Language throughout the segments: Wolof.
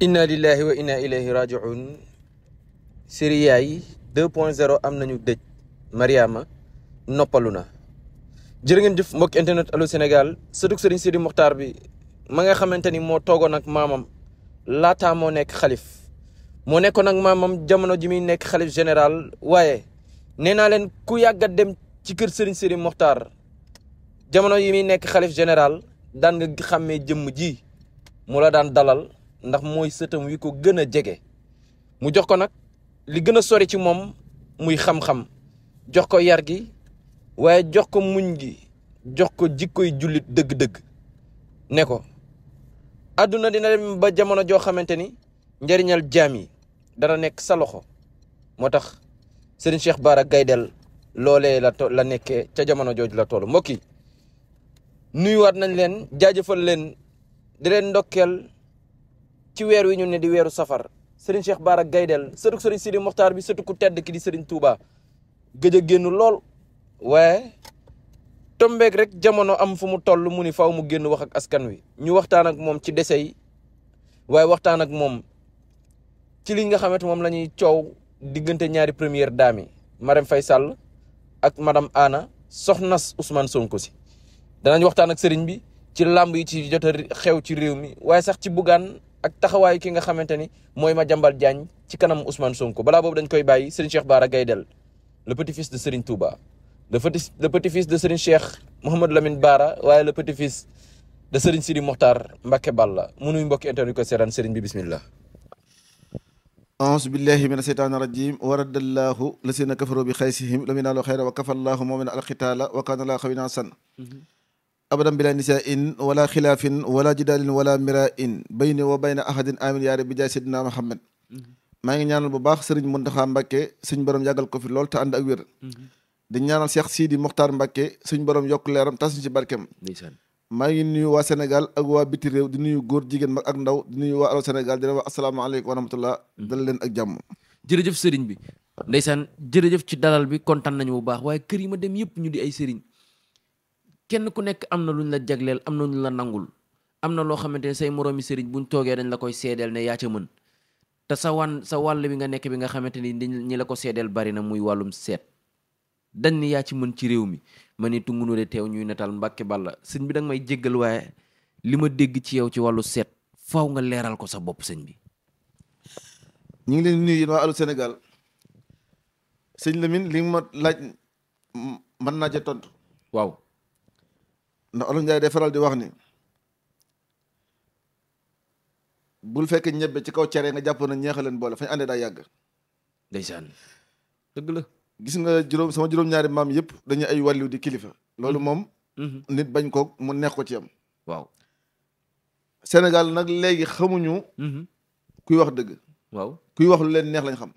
inna lillahi wa inna ilayhi rajiun siriya yi 2.0 am nañu dëj mariama noppalu na jërë ngeen jëf mbokk internet allo sénégal sëtuk sëriñ Sidi Mokhtar bi ma nga xamante ni moo toogoon ak maamam laataa moo nekk xalif moo nekkoon ak maamam jamono ji muy nekk xalif général waaye nee naa leen ku yàgga dem ci kër sëriñ Sidi Mokhtar jamono yi muy nekk xalif général daan nga xàmmee jëmm ji mu la daan dalal ndax mooy sëtam wi ko gën a jege mu jox ko nag li gën a sori ci moom muy xam-xam jox ko yar gi waaye jox ko muñ gi jox ko jikkoy jullit dëgg-dëgg ne ko àdduna dina dem ba jamono joo xamante ni njariñal jaam yi dara nekk sa loxo moo tax seen Cheikh Bara Gaydel loole la la ca jamono jooju la toll mbokk yi nuyuwaat nañ leen jaajëfal leen di leen ndokkeel ci weer wi ñu ne di weeru safar sëriñ Cheikh Bara Gaydel sëtu sëriñ Sidi Moxtaar bi sëtu ku tedd ki di sëriñ Touba gëj a génn lool waaye tombeek rek jamono am fu mu toll mu ni faw mu génn wax ak askan wi ñu waxtaan ak moom ci dese yi waaye waxtaan ak moom ci li nga xamante moom la ñuy coow diggante ñaari première daami yi fay Faye Sall ak madame Anna soxnas usman Sonko si danañ waxtaan ak sëriñ bi ci làmb yi ci jot a xew ci réew mi waaye sax ci Bougane ak taxawaayu ki nga xamante ni mooy Madiambal Diagne ci kanam Ousmane Sonko bala boobu dañ koy bàyyi Serigne Cheikh Bara Gaydel le petit fils de Serigne Touba le petit le petit fils de Serigne Cheikh Mouhamadou Lamine Bara waaye le petit fils de Serigne Sidi Mokhtar Mbacké mu munuy mbokki internet ko seetaan Serigne bi bismillah aousu billahi min asheytaani rajim wa raddallahu lasina kafaru bi xaysihim lam yanaalu xayra wa kafa allahu mu'mina alqitaala wa kaana laa xawina san mm-hmm. abadan bila nisa in wala xilaafin wala jidaalin wala mira in bayni wa bayna ahadin amin yaa rabbi jaay na Muhammad maa ngi ñaanal bu baax sëriñ Muntaxa Mbàkke suñ borom yàggal ko fi lool te ànd ak wér di ñaanal Cheikh Sidi Mokhtar Mbàkke borom yokk leeram tasuñ ci barkeem maa ngi nuyu waa Sénégal ak waa biti réew di nuyu góor jigéen mag ak ndaw di nuyu waa Allô Sénégal di leen wax asalaamaaleykum wa rahmatullah dal leen ak jàmm jërëjëf sëriñ bi ndeysaan jërëjëf ci dalal bi kontaan nañu bu baax waaye kër yi ma dem yëpp ñu di ay sëriñ kenn ku nekk am na luñ la jagleel am na luñ la nangul am na loo xamante ne say moroomi sëriñ bu ñu toogee dañ la koy seedeel ne yaa ca mën te sa wan sa wàll bi nga nekk bi nga xamante ni ñi la ko seedeel bari na muy wàllum seet dañ ni yaa ci mën ci réew mi ma ni tungunóore teew ñuy nataal mbàkke balla sëñ bi danga may jéggal waaye li ma dégg ci yow ci wàllu seet faaw nga leeral ko sa bopp sëñ bi ñu ngi leen nuyu yéen waa Allô Sénégal sëñ Lamine li ma laaj mën naa ca tontu waaw ndax olof Njaay day faral di wax ni bul fekkee ñebbe ci kaw cere nga jàppoon na ñeexa leen boole fañ àndee daa yàgg. ndeysaan dëgg la. gis nga juróom sama juróom-ñaari maam yëpp dañuy ay wàllu di kilifa. loolu mm-hmm. moom. Mm-hmm. nit bañ ko mu neex ko ci yam waaw. Sénégal nag léegi xamuñu. Mm-hmm. kuy wax dëgg. kuy wax leen neex lañ xam.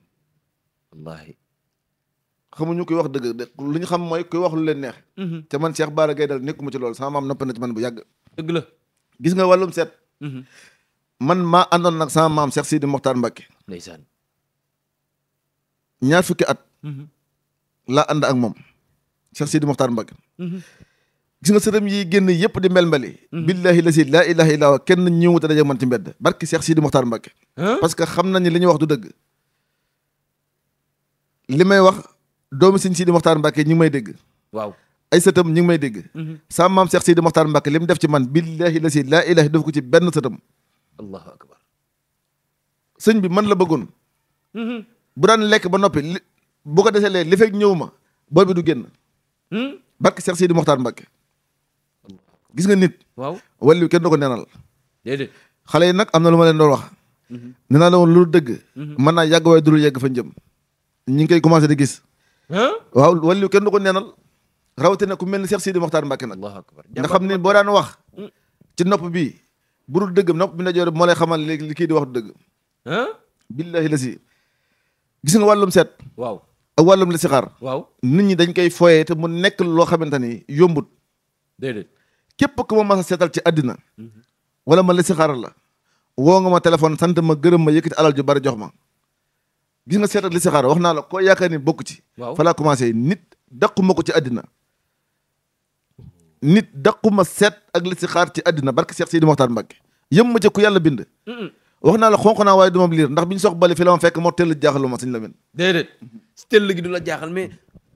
wallaahi. xamuñu kuy wax dëgg lu ñu xam mooy kuy wax lu leen neex. Mhm. te man Cheikh Bara Gaye dal nekkuma ci loolu sama maam nopp na ci man bu la gis nga wàllum seet. Mhm. man maa àndoon nag sama maam Cheikh Sidi Mokhtar Mbacke. ndeysaan. ñaar fukki at. Mhm. laa ànd ak moom Cheikh Sidi Mokhtar Mbacke. gis nga sërëm yi génn yëpp di mbel-mbeli. billahi la si laa ilaha illa wa kenn ñëwut a daje man ci mbedd barki Cheikh Sidi Mokhtar Mbacke. parce que xam nañ ne wax du dëgg. li may wax. doomu sëñ Sidi Moxtaar Mbàkke ñu may dégg waaw ay sëtam ñu ngi may dégg mhm. sama maam Cheikh Sidi Moxtaar Mbàkke li mu def ci man billaahi la si laa ilaahi def ko ci benn sëtam allahu akbar sëñ bi man la bëggoon mhm. bu daan lekk ba noppi li bu ko deselee li ñëw ma bool bi du génn hmm? barke Cheikh Sidi Moxtaar Mbàkke gis nga nit waaw walli kenn du ko neenal xale yi nag am na lu ma leen doo wax mhm. nee naa la woon lu dëgg man naa yàgg waaye dul yegg fa njëm ñi ngi koy commencé di gis waaw waliyu kenn du ko neenal rawatina ku mel ni Cheikh Sidi Mokhtar Mbacké nag nga xam ne boo daan wax ci nopp bi bu dul dëgg nopp bi na joor moo lay xamal léegi li kii di wax du dëgg billahi la si gis nga wàllum seet waaw ak wàllum listixaar waaw nit ñi dañ koy fooyee te mu nekk loo xamante ni yombut déedéet képp ku ma mas a seetal ci àddina mhm. wala ma listixaaral la woo nga ma téléphone sant ma gërëm ma yëkkati alal ju bari jox ma gis nga seet ak listixaar wax naa la ko yaakaar ni bokk ci. waaw fa laa nit daquma ko ci àddina. nit daquma seet ak listixaar ci àddina barke Cheikh Sidi Mokhtar Mbacke yëm ma ca ku yàlla bind. wax naa la xonq naa waaye du ma liir ndax bi sox bale fi la ma fekk moo tell jaaxal ma suñ la mel. déedéet tell gi du la jaaxal mais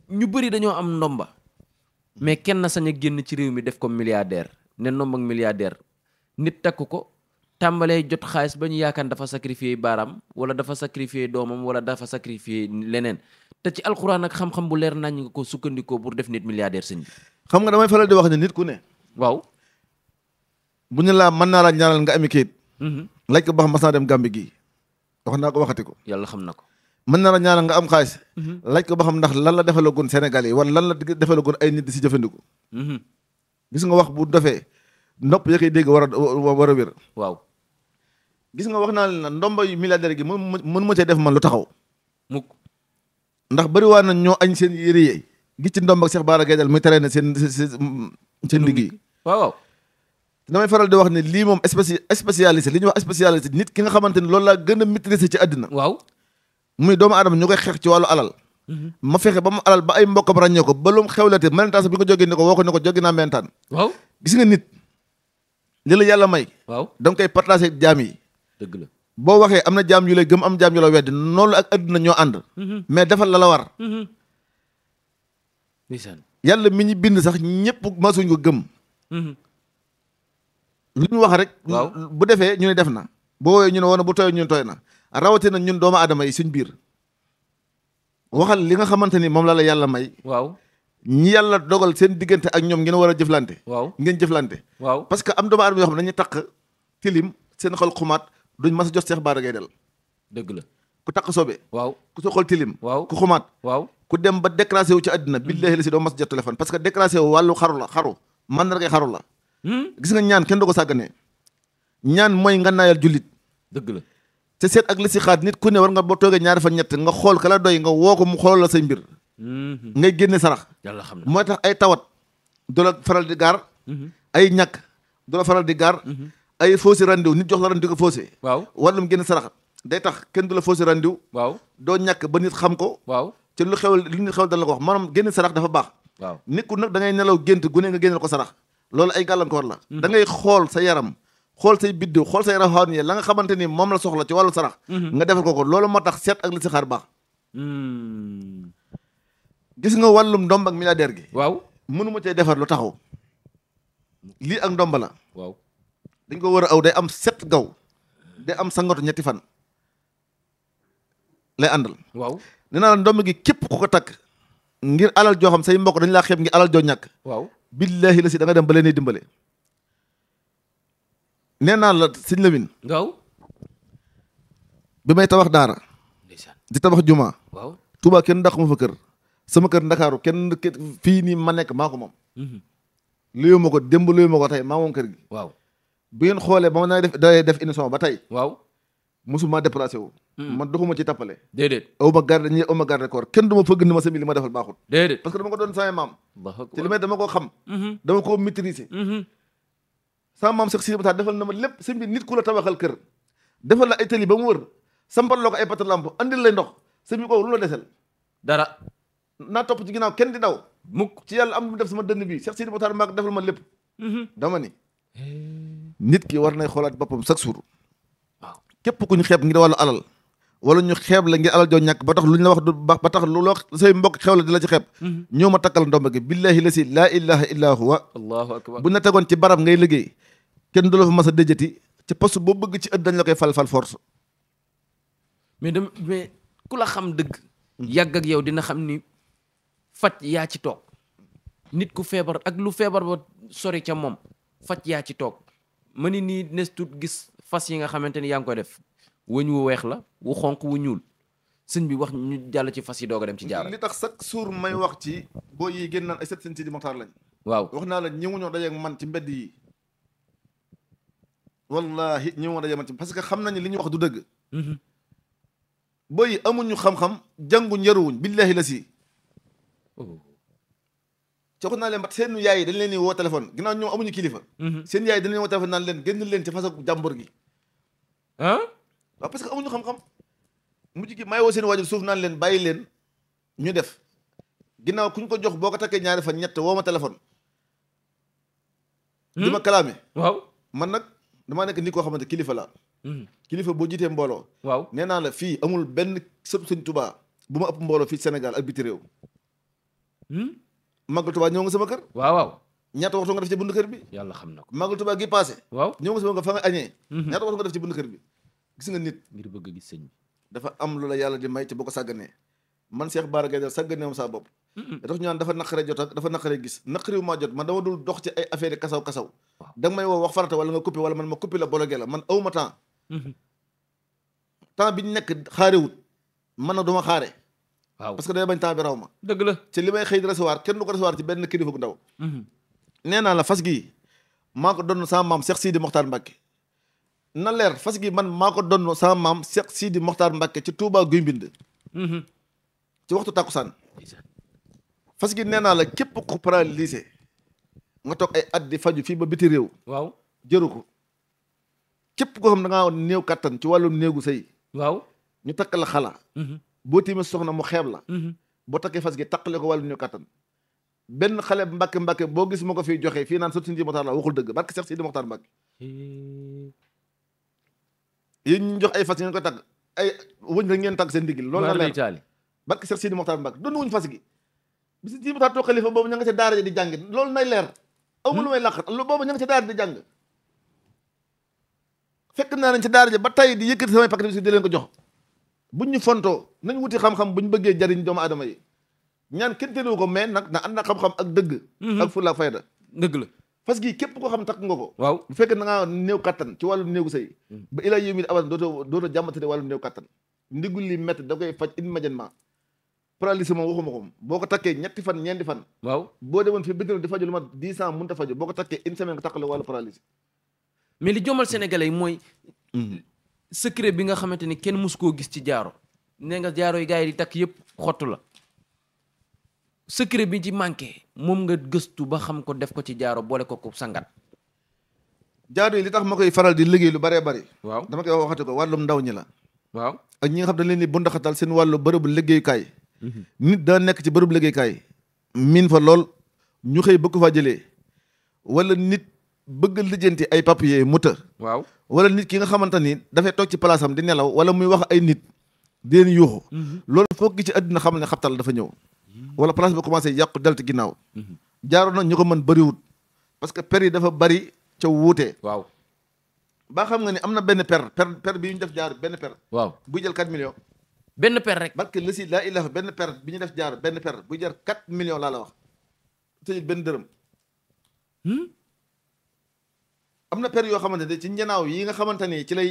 ñu bari dañoo am ndomba. mais kenn sañ a génn ci réew mi def ko milliardaire ne ndomb ak milliardaire nit takk ko tàmbalee jot xaalis ba ñu yaakaar dafa sacrifier baaraam wala dafa sacrifier doomam wala dafa sacrifier leneen te ci alxuraan ak xam-xam bu leer nañ nga ko sukkandikoo pour def nit milliardaire sëñ bi. xam nga damay faral di wax ne nit ku ne. waaw. bu ñu mhm. ba xam mas naa dem Gàmbi gii. wax naa ko waxati ko. yàlla xam na ko. mën naa la ñaanal nga am mhm. la defalagoon Sénégal yi wala lan la defalagoon ay nit di si jëfandiku. Mhm. gis nga wax bu dofee nopp ya koy dégg war a war a waaw gis nga wax naa leen na ndomba yu milliardaire gi mën mën ma cee def man lu taxaw mukk ndax bëri waa nañ ñoo añ seen yére yi gis ci ndomb ak baa Bara Gaydel muy traîner seen seen liggéey waaw waaw damay faral di wax ne lii moom spéci spécialiste li ñuy wax spécialiste nit ki nga xamante ni loolu laa gën a maîtriser ci àddina waaw muy doomu aadama ñu koy xeex ci wàllu alal mm-hmm. ma fexe ba mu alal ba ay mbokkam ràññee ko ba lu mu xewlate melentaan sax bi ko jógee ne ko woo ko ne ko waaw gis nga nit li la yàlla may waaw da koy partagé jaam yi dëgg la boo waxee am na jaam yu lay gëm am jaam yu la weddi noonu ak adduna ñoo ànd mm-hmm. mais defal la la war mm-hmm. yàlla mi ñu bind sax ñëpp masuñ ko gëm mm-hmm. lu ñu wax rek bu defee ñu ne def na bu woowee ñu ne woon bu tooy ñu ne tooy na rawatina ñun doomu aadama yi suñ biir waxal li nga xamante ni moom la la yàlla may waaw ñi yàlla dogal seen diggante ak ñoom ngeen war a jëflante ngeen jëflante waaw am doomu aadama yoo xam ne dañuy taq tilim seen xol xumaat duñ mas a jot Cheikh Bara Gaye del la ku takk sobe waaw ku soxal tilim waaw ku xumaat waaw ku dem ba déclassé wu ci àddina hmm. billahi la si doo mas jot parce que déclassé wu wàllu xaru la xaru mandargay xaru la hmm. gis nga ñaan kenn du ko sàgganee ñaan mooy nga naayal jullit dëgg la te seet ak listixaar nit ku ne war nga boo toogee ñaari fa ñett nga xool ka la doy nga woo ko mu xoolal la say mbir hmm. ngay génne sarax yàlla xam na mooy tax ay tawat du faral di gaar ay ñàkk du faral di gaar ay fausse rendez-vous nit jox la rendez-vous fausse. waaw wàllum génn sarax day tax kenn du la fausse rendez doo ñàkk ba nit xam ko. waaw te lu xew lu nit xew dal la ko wax maanaam génn sarax dafa baax. waaw nit ku nag da ngay nelaw gént ko sarax. loolu ay gàllankoor la. Mhm. da xool sa yaram. xool say biddiw xool say raxaan yi la nga xamante ni moom la soxla ci wàllu sarax. Mhm. nga defal ko ko loolu moo tax seet ak li si xaar baax. Hmm. gis nga wàllum mi ak milliardaire gi. waaw mënu ma cee defar lu taxaw. lii ak ndomb la. dañ ko war a aw day am set gaw day am sangoto ñetti fan lay àndal. waaw nee naa la gi képp ku ko takk. ngir alal joo xam say dañ laa xeeb ngir joo ñàkk. waaw billahi la si da dem ba leen dimbale. nee naa la sëñ Lamine. waaw. bi may tabax daara. di tabax juma. waaw Touba kenn ndax ma fa kër. sama kër ndakaaru kenn fii nii ma nekk maa ko moom. Mhm. luyu ko démb luyu ma ko tey maa moom kër gi. bu ngeen xoolee ba ma naa def day def émission ba tey. waaw mosuma déplacé wu. Hmm. man ci tappale déedéet aw ma garde ñi aw ma kenn du ma fëgg ni ma sami li ma defal baaxut. déedéet parce que dama ko doon sama maam. te li may dama koo xam. Hmm. dama hmm. defal na ma lépp sëñ bi nit ku la tabaxal kër. defal la ay tëli ba mu wër sampal loo ko ay pata lamp andil lay ndox sëñ bi kooku lu la desel. dara. naa topp ci ginnaaw kenn di daw. mukk ci yàlla am lu def sama dënn bi Cheikh Sidi Bata maag defal ma lépp. nit ki war nay xoolaat boppam chaque jour waaw képp ku ñu xeeb ngir wàllu alal wala ñu xeeb la ngir alal joo ñàkk ba tax lu ñu wax du ba tax lu loo say mbokk xew la di la ci xeeb mm-hmm. ñoo ma takkal ndomba gi billahi la si laa ilaha illaa huwa bu na tegoon ci barab ngay liggéey kenn du la fa mas a déjati ci poste boo bëgg ci ëtt dañ la koy fal mais dama mais ku la xam dëgg mm. yàgg ak yow dina xam ni faj yaa ci toog nit ku feebar ak lu feebar ba sori ca moom faj yaa ci toog ma ni nii nes tut gis fas yi nga xamante ni yaa ngi koy def wëñ wu weex la wu xonq wu ñuul sëñ bi wax ñu jàll ci fas yi doog a dem ci jaara li tax chaque jour may wax ci boo yi génn naan ay set seen si di maxtaar lañ waaw wax naa la ñëwuñoo dajeeg man ci mbedd yi wallahi ñëwuñoo dajeeg man ci parce que xam nañu li ñu wax du dëgg mhm. boo yi amuñu xam-xam jànguñ yaruwuñ billahi la si oh. cooku naa leen ba seen yaay yi dañ leen woo téléphone ginnaaw ñoom amuñu kilifa. Mhm. seen yaay yi dañ leen woo naan leen génn leen ci façon jàmbur gi. ah. waaw parce que amuñu xam-xam. mujj gi may woo seen waajur suuf naan leen bàyyi leen ñu def ginnaaw kuñ ko jox boo ko takkee ñaari fan ñett woo ma téléphone. Hmm? ma kalaame. waaw man nag damaa nekk nit koo xamante kilifa la hmm. kilifa boo jiitee mbooloo. waaw nee naa la fii amul benn sëb sëñ tubaa bu ma ëpp mbooloo fii senegal ak biti réew. Hmm? màggal Tuubaa ñëw nga sama kër. waaw waaw. ñaata waxtu nga def ci bundu kër bi. yàlla xam na ko màggal Tuubaa gi passé. waaw ñëw nga sama nga fa nga añee. Mhm. ñaata bi. gis nga nit. ngir bëgg gis sëñ dafa am lu yàlla di may ci boo ko sàgganee man Cheikh Bara Gaye sàgganee moom saa bopp. tax ñu dafa naqaree jot ak dafa naqaree gis naqariwu maa jot man dama dox ci ay affaire kasaw kasaw. da nga may woo wax farata wala nga coupé wala man ma coupé la bloqué la man awma temps. Mm-hmm. bi ñu nekk xaarewut man na duma xaare waaw parce que day bañ temps bi raw ma. dëgg la ci li may xëy di recevoir kenn du ko ci benn kilifa bu ndaw. Mhm. nee naa la fas gii maa ko doon sama maam Cheikh leer fas gi man maa ko doon sama maam Cheikh Sidi Mokhtar Mbacke ci Touba Guy Mbind. Mhm. ci waxtu takkusaan. fas gi nee naa la képp ku paralysé nga toog ay at di faju fii ba biti réew. waaw jëru ko. képp koo xam da ngaa néew kattan ci wàllum néegu sëy waaw takk la xala. Mhm. boo tiimee soxna mu xeeb la mm-hmm. boo takkee fas gi taqale ko wàllu ñu kattan benn xale bu mbàkke mbàkke boo gis ma ko fiy joxe fii naan sot Sidi Moxtaar la waxul dëgg barke Seex Sidi Moxtaar Mbàkke yéen jox ay fas ngeen koy tagg ay wëñ rek seen ndigil loolu la leer barke Seex Sidi Moxtaar wuñ fas gi bisi Sidi Moxtaar toog xalifa boobu ña nga ca daara di jàng lool nay leer aw lu hmm? may làqat boobu ña nga ca daara di jàng fekk naa nañ ca daara ba tey di yëkkati samay paquet bi si di ko jox bu ñu fontoo nañ wuti xam-xam buñ bëggee jariñ doomu aadama yi ñaan kenn tenewu ko mais nag na ànd ak xam-xam ak dëgg mhm. ak fulla fayda dëgg la parce que képp koo xam takk nga ko waaw bu fekkee da ngaa néew kattan ci wàllu néegu sëy mhm. ba ilaa yow mi abadan dootoo dootoo jàmmatane wàllu néew kattan ndigul li métti da koy faj immédiatement paralysie moom waxuma ko boo ko takkee ñetti fan ñeenti fan waaw boo demoon fi bitim di faju lu mat dix ans mënut a faju boo ko takkee une semaine nga takkale wàllu paralysie mais li jomal sénégalais yi mooy mhm. secret bi nga xamante ni kenn mus koo gis ci jaaro nee nga jaaro yi gars yi di takk yépp xottu la secret bi ci manqué moom nga gëstu ba xam ko def ko ci jaaro boole ko ko sangat jaaro yi li tax ma koy faral di liggéey lu bëree bari waaw dama koy waxati ko wàllum ndaw ñi la waaw ak ñi nga xam dañ leen di bundaxatal seen wàllu bërëbu liggéeyukaay mhm. nit daa nekk ci bërëbu liggéeyukaay miin fa lool ñu xëy bëgg faa jëlee wala nit bëgg lijjanti ay papier moteur waaw wala nit ki nga xamante ni dafay toog ci place am di nelaw wala muy wax ay nit di leen yuuxu mhm. loolu foog gi ci àddina xam ne xabtal dafa ñëw mhm. wala place ba commencé yàqu delti ginnaaw mhm. jaaroon na ñu ko mën bëriwut parce que per yi dafa bëri ca wuute waaw ba xam nga ni am na benn per per per bi ñu def jaar benn per waaw buy jël 4 millions benn per rek parce que si laa ilaha benn per bi ñu def jaar benn per buy jar 4 millions laa la wax tëjul benn dërëm hmm? am na per yoo xamante ne ci njanaaw yi nga xamante ne ci lay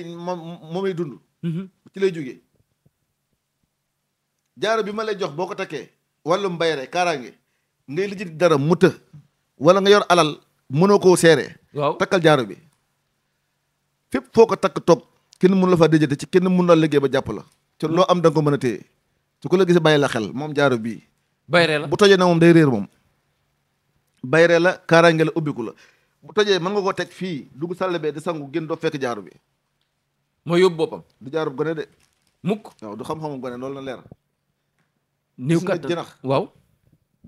moomay dund mm-hmm. ci lay jóge jaaro bi ma lay jox boo ko takkee wàllum mbay rek kaaraange ngay lijji dara mu të wala nga yor alal mënoo koo seere waaw takkal jaaro bi fépp foo ko takk toog kenn mënu la faa déjate ci kenn mënu la liggéey ba jàpp la ci loo am danga ko mën a téye su ko la gis bàyyi la xel moom jaaro bii bayre la bu tojee na moom day réer moom bayre la kaaraange la ubbiku la bu tojee mën nga koo teg fii dugg sàll bee di sangu gën doo fekk jaaru bi. mooy yóbbu boppam. du jaarub gone de. mukk waaw du xam-xamu gone loolu na leer. néew kattan jënax waaw.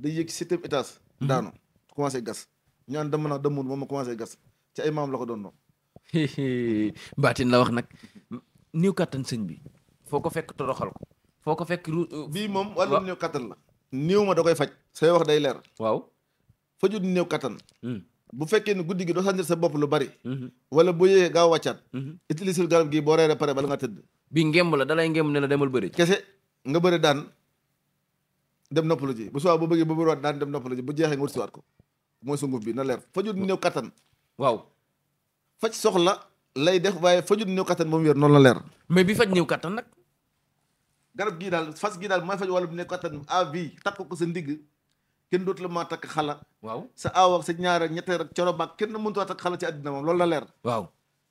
day yëg septième étage. Mhm. daanu commencé gas. ñu naan dem na demul ma commencé gas ci ay maam la ko doon noonu. baatin la wax nag néew kattan sëñ bi. foo ko fekk toroxal foo ko fekk euh, bii moom wàllum néew kattan la. néew ma da koy faj. say wax day leer. waaw fajut néew kattan. Hmm. bu fekkee ne guddi gi doo sànni sa bopp lu bari. Mhm. wala bu yee gaaw wàccaat. Mhm. utiliser garab gi boo reeree pare bala nga tëdd. bi ngemb la dalay ngemb ne la demal bëri. kese nga bëri daan dem noppalu ji bu subaa bu bëggee bu bëriwaat daan dem noppalu ji bu jeexee nga wut si waat ko mooy sunguf bi na leer fajut néew kattan. waaw faj soxla lay def waaye fajut néew kattan moom wér noonu la leer. mais bi faj néew kattan nag. garab gii daal fas gi daal mooy faj wàllu néew kattan à vie takk sa ndigg. kenn dootu la maa takk xala waaw sa aaw sa ñaar ak ñetteel ak coro baag kenn mënut a takk xala ci àddina moom loolu la leer waaw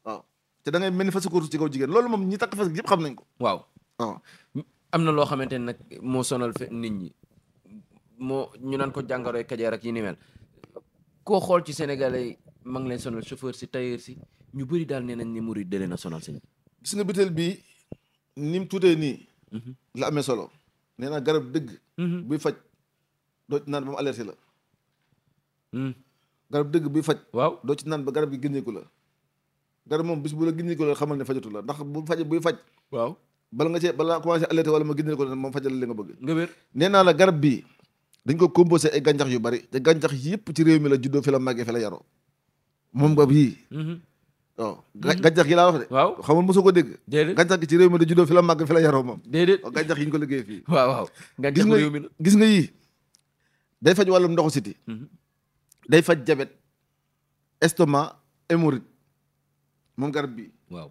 waaw te da mel ni fas kurus ci kaw jigéen loolu moom ñi takk fas yëpp xam ko waaw waaw am na loo xamante ne nag moo sonal fe nit ñi moo ñu naan ko jàngaroy kajeer rek yi ni mel koo xool ci sénégalais ma ngi leen sonal chauffeur si tailleur si ñu bëri daal nee nañ ni murid da leen sonal si gis nga butéel bi ni mu tuutee nii mhm. la amee solo nee naa garab dëgg mhm. buy faj doo ci naan ba mu alerté la. Hmm. garab dëgg bi faj. waaw doo ci naan ba garab gi ginneeku la. garab moom bis bu la ginneeku la xamal ne fajatu la ndax bu faj buy faj. waaw bala nga cee bala commencé alerté wala ma ginneeku la moom fajal li nga bëgg. nga wér nee naa la garab bii. dañ ko composé ay gàncax yu bari te gàncax yëpp ci réew mi la juddoo fi la màggee fi la yaroo moom boobu yii. Hmm. Oh, gi laa wax de. waaw xam nga mosoo ko dégg. déedéet gàncax gi ci réew la juddoo fi la màggee fi la yaroo moom. déedéet oh, gàncax ko liggéey fii. waaw waaw gàncax réew mi la gis nga gis nga yii. day faj wàllum ndoxu siti mm-hmm. day faj jabet estomac hémorroïde moom garab bi waaw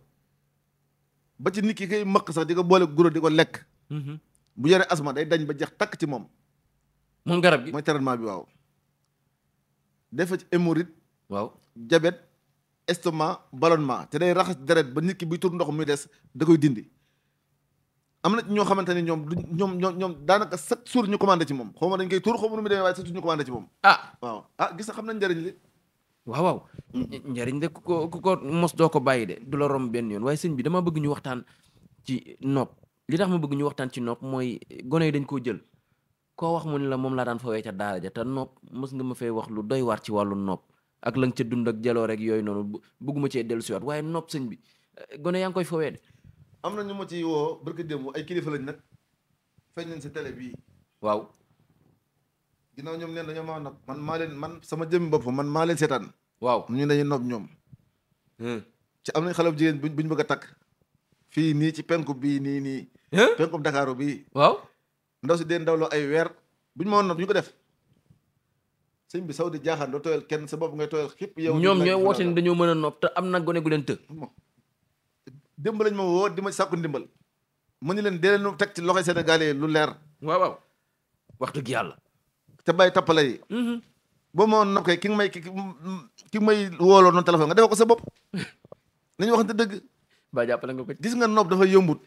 ba ci nikki kay koy sax di ko boole guro di ko lekk mm-hmm. bu yore asma day dañ ba jeex takk ci moom moom garab gi mooy traitement bi waaw day faj hémorroïde waaw jabet estomac ballonnement te day raxas deret ba nit ki buy tur ndox muy des da koy dindi am na ñoo xamante ni ñoom du ñoom ñoom ñoom daanaka chaque jour ñu commandé ci moom xaw ma dañ koy tuur xaw moom. ah waaw ah, xam nañ njëriñ li. waaw waaw. Hmm. njariñ de ku ko ku mos doo ko bàyyi de du la romb benn yoon waaye sëñ bi dama bëgg ñu waxtaan ci nopp li tax ma bëgg ñu waxtaan ci nopp mooy gone yi dañ koo jël koo wax mu ne la moom laa daan fawee ca daara ja te nopp mos nga ma fay wax lu doy waar ci wàllu nopp ak la nga ca dund ak jaloo rek yooyu noonu bëgguma cee dellusiwaat waaye nopp sëñ bi eh, gone yaa ngi koy fawee de am na ñu ma ci woo barki démb ay kilifa lañ nag feeñ nañ si tele bii. waaw. ginnaaw ñoom neen dañoo maa nopp man maa leen man sama jëmmi bopp man maa leen seetaan. waaw ñu dañuy nopp ñoom. Hmm. ci am na xale jigéen buñ bëgg a takk. fii nii ci penku bii nii nii. penku Dakaaru bii. waaw. ndaw si den dawloo ay weer buñ ma woon ñu ko def. sëñ bi saw di jaaxaan doo tooyal kenn sa bopp ngay tooyal xëpp yow. ñoom ñooy woote ni dañoo mën a nopp te am na gone gu leen të. démb lañ ma woo di ma sàkku ndimbal ma ni leen dee leen teg ci loxoy sénégalais lu leer. waaw waaw wax dëgg yàlla. te bàyyi tappale yi. Mm-hmm. boo ma woon nokkee ki may ki ki may wooloo noonu téléphone nga defal ko sa bopp nañu waxante dëgg. ba jàppale nga ko gis nga noob dafa yombut.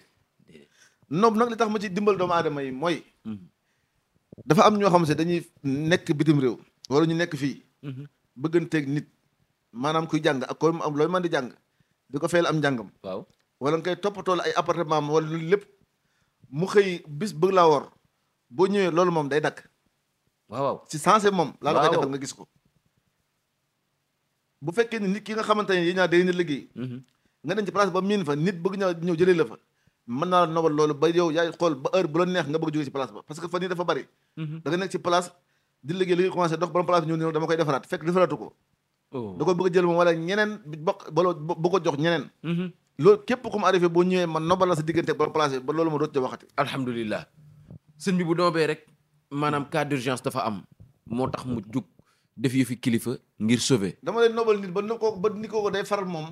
noob nag li tax ma ci dimbal doomu aadama yi mooy. Mm-hmm. dafa am ñoo xam si dañuy nekk bitim réew. wala ñu nekk fii. Mm-hmm. bëgganteeg nit maanaam kuy jàng ak koy am looy mën di jàng di ko fayal am njàngam. waaw wala nga koy toppatoo ay appartement am wala lépp mu xëy bis bëgg laa wor boo ñëwee loolu moom day dakk waaw waaw si sensé moom. laa la koy defal nga ko. bu fekkee ni nit ki nga xamante ne yéen ñaa mhm. mhm. da nga nekk ci place di liggéey koy defaraat fekk defaratu ko. Oh. da bëgg jël moom wala ñeneen bokk ba boo ko jox ñeneen. Mhm. loolu képp ku mu arrivé boo ñëwee man nobal sa diggante ba placé ba loolu ma doot ca waxati alhamdulilah sëñ bi bu doobee rek maanaam cas d'urgence dafa am moo tax mu jug def yu fi kilifa ngir sauver dama leen nobal nit ba ni ko ba ni ko day far moom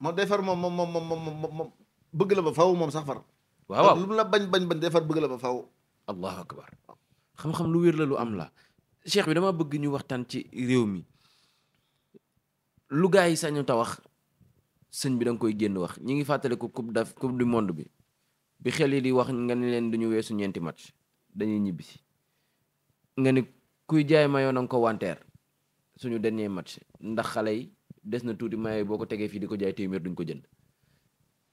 moom day moom moom moom moom moom bëgg la ba faw moom sax far waaw waaw lu mu la bañ bañ bañ day far bëgg la ba faw allahu akbar xam-xam lu wér la lu am la cheikh bi dama bëgg ñu waxtaan ci réew mi lu gaa yi sañu ta wax sëñ bi da koy génn wax ñi ngi fàttaliku coupe daf coupe du monde bi bi xel yi di wax nga ni leen duñu weesu ñeenti match dañuy ñibbisi nga ni kuy jaay mayoon a nga ko wanteer suñu dernier match ndax xale yi des na tuuti mayo boo ko tegee fii di ko jaay téeméer duñ ko jënd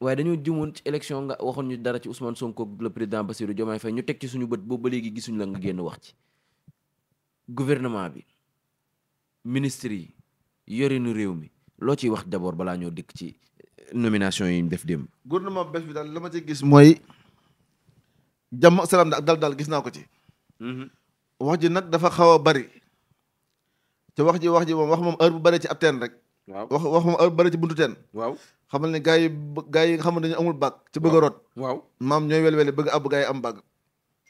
waaye dañoo jëmoon ci élection nga waxoon ñu dara ci Ousmane Sonko le président Bassirou Diomaye Faye ñu teg ci suñu bët boobu ba léegi gisuñu la nga génn wax ci gouvernement bi ministre yi yorinu réew mi loo ciy wax d'abord balaa ñoo dikk ci euh, nomination yi ñu def démb. gouvernement bees bi daal la ma ci gis mooy jàmm ak salaam ak dal dal gis naa ko ci. Mhm. wax ji nag dafa xaw a bari. te wax ji wax ji moom wax moom heure bu bari ci ab teen rek. waaw wax wax moom heure bu bëree ci buntu teen. waaw xamal ne gars yi gars yi nga xam dañu amul bàgg. ci bëgg root. waaw maam ñooy welwele bëgg ab gars am bàgg.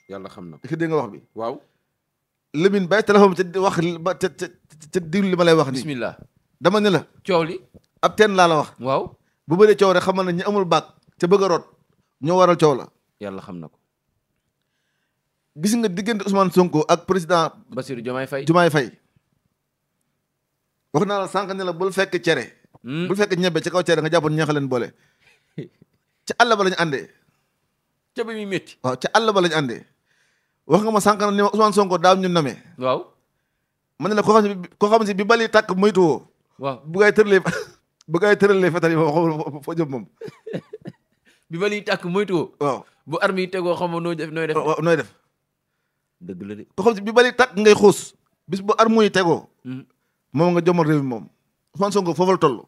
yàlla xam na dégg nga wax bi. waaw. Lamine bàyyi téléphone bi te wax ba te li ma lay wax. bismillah dama ne la. coow li ab teen laa la wax. waaw bu bëree coow rek xam na ñu amul baag te bëgg a root ñoo waral coow la. yàlla xam na ko. gis nga diggante Ousmane Sonko ak président. Bassirou Diomaye Faye Diomaye Faye. wax naa la sànq ne la bul fekk cere. Hmm? bul fekk ñebe ci kaw cere nga jàppoon ñeex leen boole. ca àll ba la ñu àndee. ca bi muy metti waaw ca àll ba la àndee. wax nga ma sànq ne ma Ousmane Sonko daaw ñu namee. ma ne la koo xam ne bi bi bali tàkk moytuwoo. waaw bu ngay tëralee bu ngay tëralee fetal yi moom foo jëm moom. bi ba liy tàkk moytuwoo. waaw bu arme yi tegoo xam nooy def nooy def. waaw def. dëgg la de. te bi ba liy ngay xuus. bis bu arme tegoo. Hmm. moom nga jomal réew mi moom. Ousmane Sonko foofu la toll.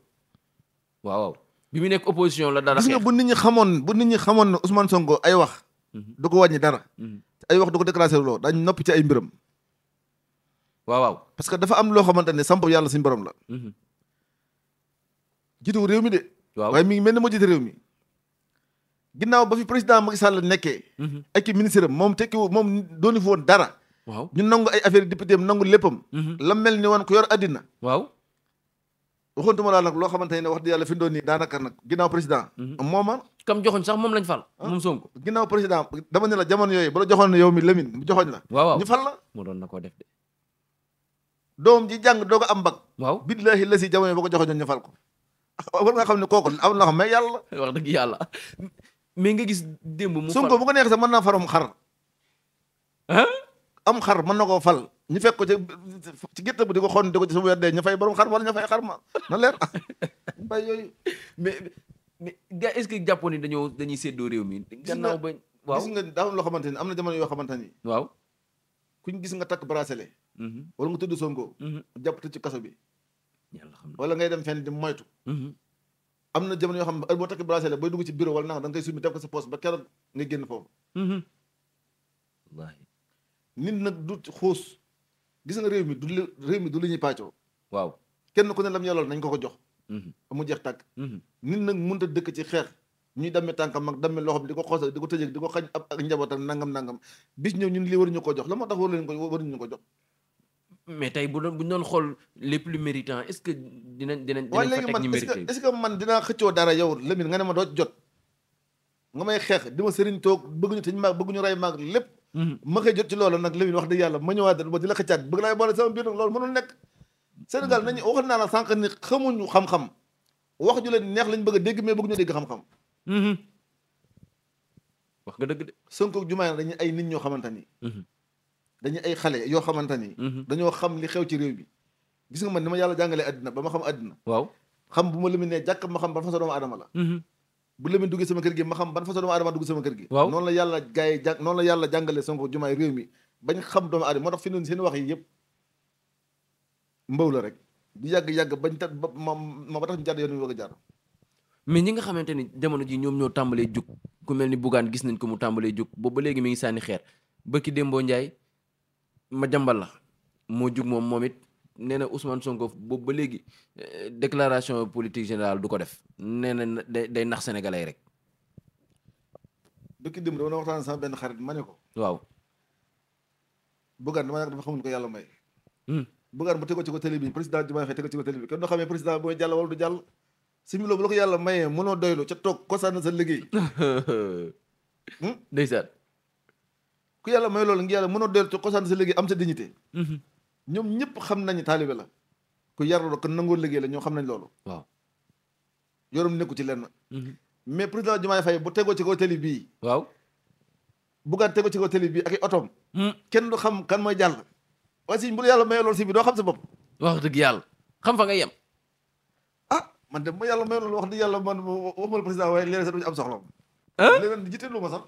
bi mu nekk opposition la dara. gis nga bu nit ñi xamoon bu nit ñi xamoon ne Ousmane Sonko ay wax. Hmm. du ko wàññi dara. Hmm. ay wax du ko déclassé loo daañu noppi ci ay mbiram. waaw waaw parce que dafa am loo xamante ne samp yàlla suñu borom la. Mhm. jiitu réew mi de. waaw waaye mi ngi mel ni moo jiite réew mi. ginnaaw ba fi président Macky Sall nekkee. Mhm. i ministre am moom moom dooni fi dara. ñu nangu ay affaire député am nangu mhm. la mel ni woon yor addina. waaw. waxoontuma xamante ne wax dëgg fi doon nii daanaka nag ginnaaw président. mooma. Ah. kam joxoñ sax moom lañ fal. Ah. moom Sonko ginnaaw président dama ne la jamono yooyu ba la joxoon yow mi Lamine mu joxoñ la. waaw waaw ñu fal la. na koo def doom ji jàng doo ko am mbag. waaw billaahi la si jamono boo ko joxe ñoom ñu fal ko. Ah, war nga xam ne kooku am na xam ne yàlla. wax dëgg yàlla mais nga gis démb mu. Sonko bu ko neex sa mën naa faram xar. am xar mën na koo fal. ñu fekk ko ci ci gerte bu di ko xonn di ko ci su fay borom xar wala ñu fay xar ma na leer bay yooyu. mais mais gars est-ce que jàppoon ni dañoo dañuy séddoo réew mi. gannaaw ba waaw gis nga daaw loo xamante ni am na jamono yoo xamante ni. waaw kuñ gis nga takk bracelet Mhm. wala nga tudd Sonko. Mhm. jàpp ci kaso bi. yàlla xam wala ngay dem fenn di moytu. Mhm. am na jamono yoo xam ne boo takk bracelet booy dugg ci bureau wala naan da nga koy summi def ko nag du xuus gis nga réew mi du li réew mi du li ñuy pàccoo. waaw kenn ku ne lam yàlla nañ ko ko jox. mu jeex tàkk. nit nag mënut a dëkk ci xeex. ñuy damme tànkam mag damme loxoom di ko xoosal di ko tëjee di ko xañ ab ak njabootam nangam nangam bis ñëw ñun lii waruñu ko jox la moo tax waruñu ko waruñu ko jox. mais tey bu doon bu ñu doon xool est-ce que dinañ dinañ. dinañ fa teg ñu mérité nga ne ma doo jot. nga may xeex di ma sëriñ toog bëgguñu tëj maag bëgguñu rey maag lépp. Mm-hmm. ma koy jot ci loolu nag Lamine ma ba di la xëccaat bëgg laay boole sama biir nag loolu mënul nekk. Sénégal nañu waxoon naa la sànq ni xamuñu xam-xam wax ju neex lañ bëgg a dégg mais bëgguñu dégg xam-xam. Mm-hmm. wax nga dëgg de. Sonko ak Diomaye dañu ay nit ñoo xamante mm-hmm. dañu ay xale yoo xamante ni. Mhm. dañoo xam li xew ci réew bi gis nga ma ni ma yàlla jàngalee àddina ba ma xam àddina. waaw xam bu ma lëmin ne jàkk ma xam ban façon doomu aadama la. Mhm. bu lëmin duggee sama kër gi ma xam ba façon doomu aadama dugg sama kër gi. waaw noonu la yàlla gars yi jàng noonu la yàlla jàngalee Sonko jumaay xam doomu aadama moo tax fi noonu seen wax yi yëpp mbaw la rek di yàgg-yàgg bañ tat ba ma ma ba tax ñu jàdd yoon wi bëgg mais ñi nga xamante ni jamono ji ñoom ñoo tàmbalee jug ku mel ni Bougane gis nañ ko mu tàmbalee jug boobu ba léegi mi ngi sànni xeer bëkki Dembo Ndiaye ma Madiambal la moo jug moom moom it nee na Ousmane Sonko boobu ba léegi eh, déclaration politique générale du ko def nee na day day nax sénégalais rek. da dem dama waxtaan sama benn xarit ma ne ko. waaw. Bougane dama ne dafa xamul ko yàlla may. Hmm. Bougane bu tegoo ci ko télé bi a Diomaye Faye tegoo ci ko télé kenn doo xamee président mooy jàll wala du jàll. simi bu la ko yàlla mayee mënoo doylu ca toog ko sànn sa liggéey. Hmm? ku yàlla may loolu ngi yàlla mënoo dellu ci xosaan sa am sa dignité mhm. ñoom ñëpp xam nañu taalibe la ku yarlu la ku nangoo liggéey la ñoo xam nañ loolu waaw yorom nekku ci lenn mhm. mais président Diomaye Faye bu tegoo ci kaw télé bii waaw buggaan tegoo ci kaw télé bii ak i otoom hmm. kenn du xam kan mooy jàll waaye si bu yàlla may loolu si bi doo xam sa bopp wax dëgg yàlla xam fa nga yem ah man de ma yàlla may loolu wax dëgg yàlla man waxuma la président waaye léeg-léeg sax duñu am soxla léeg-léeg jiite lu ma sax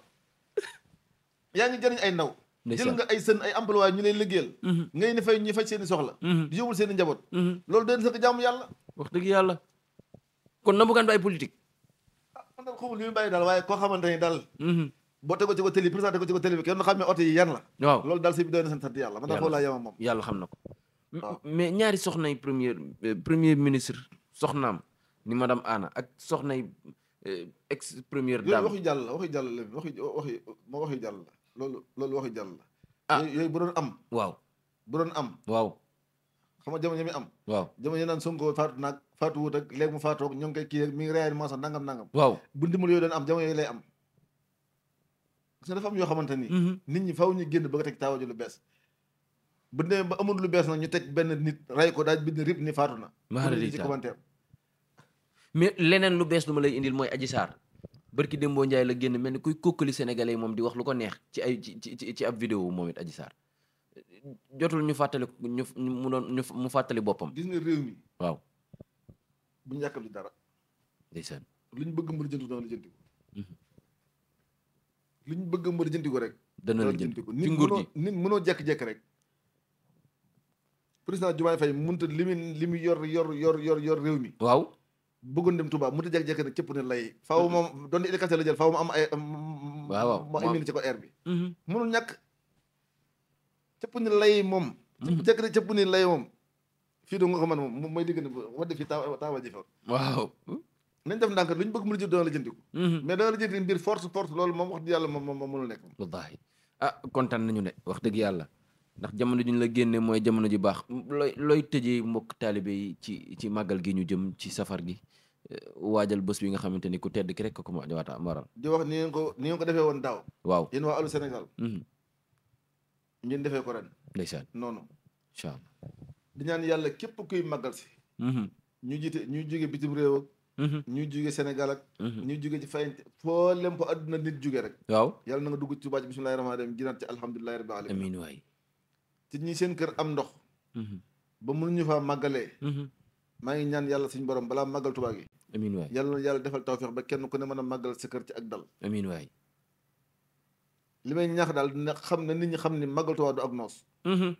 yaa ngi jëriñ ay ndaw jël nga ay sën ay emploi ñu lay liggéeyal mhm. ngay ne fay ñuy faj seen soxla mhm. di yóbbul seen i njaboot mhm. loolu doon sax jaamu yàlla wax dëgg yàlla kon na bugaan du ay politique ah man daal xamul li muy daal waaye koo xamante ni daal boo tego ci ko télé présenté ko ci ko télé bi kenn du xam ne oto yi yan la waaw loolu daal si bi doy na seen sant yàlla man daal foofu laa yema moom yàlla xam na ko mais ñaari soxnay euh, premier ministre soxnaam ni madame euh, la waxu jàll la loolu loolu waxi jàll la. ah yooyu bu doon am. waaw bu doon am. waaw xam nga jamono yi am. waaw jamono yi naan Sonko faatu naag faatu wut mu faatoog ñoo ngi koy kii ak mi ngi réellement sax waaw bu ndimbal yooyu doon am jamono yooyu lay am. parce que dafa am yoo xamante ni. Mm-hmm. nit ñi faaw ñu génn ba a teg taawaaju lu bees. bu demee ba amul lu bees nag ñu teg benn nit ray ko daal bind rib ni faatu na. maa ci commentaire mais leneen lu bees lu ma lay indil mooy Adji saar bërki Dembo njaay la génn mel ni kuy kokkali sénégalais yi moom di wax lu ko neex ci ay ci ci ci ab vidéo moom it Adji jotul ñu fàttali ñu mu doon mu fàttali boppam. gis nga réew mi. waaw. bu ñu yàkkam ci dara. ndeysaan. lu ñu bëgg mën a jënd dana ko. Mhm. bëgg mën rek. dana la jëndi ko ci nguur gi nit mënoo jekk-jekk rek. président Diomaye Faye mënut a li muy li muy yor yor yor yor yor réew mi. waaw. bëggoon dem Touba mu ta jékki-jékki nag cëpp ne lay faaw moom doon éducation la jël faaw mu am ay waaw mu ay ci ko air bi mënul mm-hmm. ñàkk cëpp ni lay moom mm-hmm. jékki ne cëpp ni lay moom fii do nga ko man moom mooy diggante wadde fii taa taawal ji fa waaw nañ def ndànk lu ñu bëgg mën a jël doona la jëndiku mm-hmm. mais doona la jëndi mbir force force loolu moom wax di yàlla moom moom mënul nekk wallaahi ah kontaan nañu ne wax dëgg yàlla ndax jamono ji la génne mooy jamono ji baax looy looy tëjee mbokk taalibe ci ci màggal gi ñu jëm ci safar gi eh, waajal bés bi nga xamante ni ku tedd ki rek ko ma waata waral di wax ni ko ko defee woon daaw waaw yéen waa Allô Sénégal mm-hmm. ngeen defee ko ren noonu incha ñaan yàlla képp kuy màggal si mm-hmm. ñu jiite ñu jóge bitim réew ak mm-hmm. ñu jóge Sénégal ak ñu jóge ci fay foo lem fa àdduna nit jóge rek waaw yàlla na nga dugg ci bàcc bismillahi rahmaani rahim ginaat ci alhamdulilahi rabbil alamin amiin waay ci ñi seen kër am ndox mm-hmm. ba mu mënuñu faa màggalee mm-hmm. maa ngi ñaan yàlla suñu borom balaa màggal Tuubaa gi amiin waay yàlla na yàlla defal tawfeex ba kenn ku ne mën a màggal sa kër ci ak dal li may ñaax daal na xam ne nit ñi xam ne màggal Tuubaa du ak noos mm-hmm.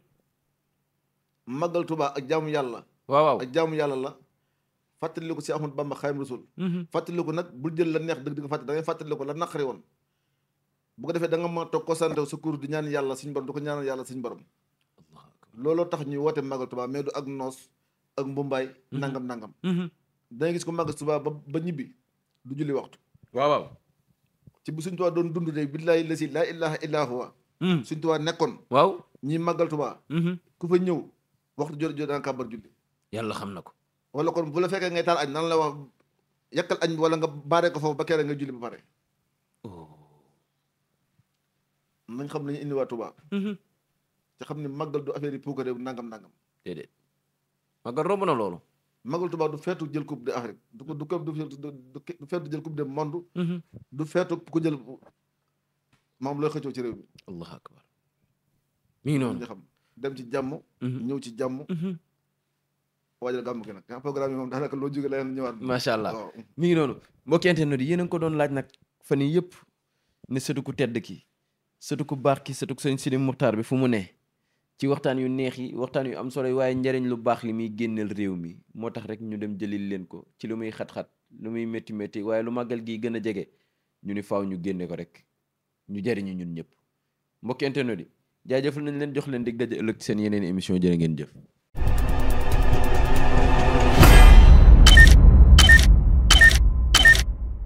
màggal Tuubaa ak jaamu yàlla waaw waaw la fàttaliku si Ahmadu Bamba Xaadimu Rasuul fàttaliku nag bul jël la neex dëgg di nga fàttali da ngay fàttaliku la naqari woon bu ko defee da nga mën a toog concentré sa cours di ñaan yàlla suñu borom du ko looloo tax ñuy woote màggal Tuubaa mais du ak noos ak mbumbaay mhm. nangam nangam mhm. danga gis ko màggal Tuubaa ba ba ñibbi du julli waxtu waaw waaw ci bu Sëñ Tuubaa doon dund de billaahi lasi laa ilaaha illaa huwa mhm. Sëñ Tuubaa nekkoon waaw ñi màggal Tuubaa ku fa ñëw waxtu jot jot danga kàbbar julli yàlla xam na ko wala kon bu la fekkee ngay taal añ nan la wax yàkkal añ wala nga baaree ko foofu ba kere nga julli ba pare oh. nañ xam lañu indi waa Tuubaa te xam ne màggal du affaire yi puukareew nangam nangam. déedéet màggal romb na loolu. màggal Tuubaa du feetu jël coupe de Afrique du feetu jël coupe de monde. Mm-hmm. du feetu ku jël maam looy xëccoo ci réew mi. allahu akbar mi ngi noonu nga xam dem ci jàmm. Mm-hmm. ñëw ci jàmm. Mm-hmm. waajal gàmm gi nag nga programme yi moom daanaka loo jóge leneen ñëwaat. macha allah mi ngi noonu mbokki a ngi ko doon laaj nag fan yëpp ne sëtu tedd ki sëtu ku baax ki sëtu ku bi fu mu ci waxtaan yu neex yi waxtaan yu am solo yi waaye njariñ lu baax li muy génneel réew mi moo tax rek ñu dem jëlil leen ko ci lu muy xat-xat lu muy métti métti waaye lu màggal gi gën a jege ñu ni faw ñu génne ko rek ñu jariñu ñun ñëpp mbokk internet yi jaajëfal lañ leen jox leen dig daje ëllëg seen yeneen émission jërë ngeen jëf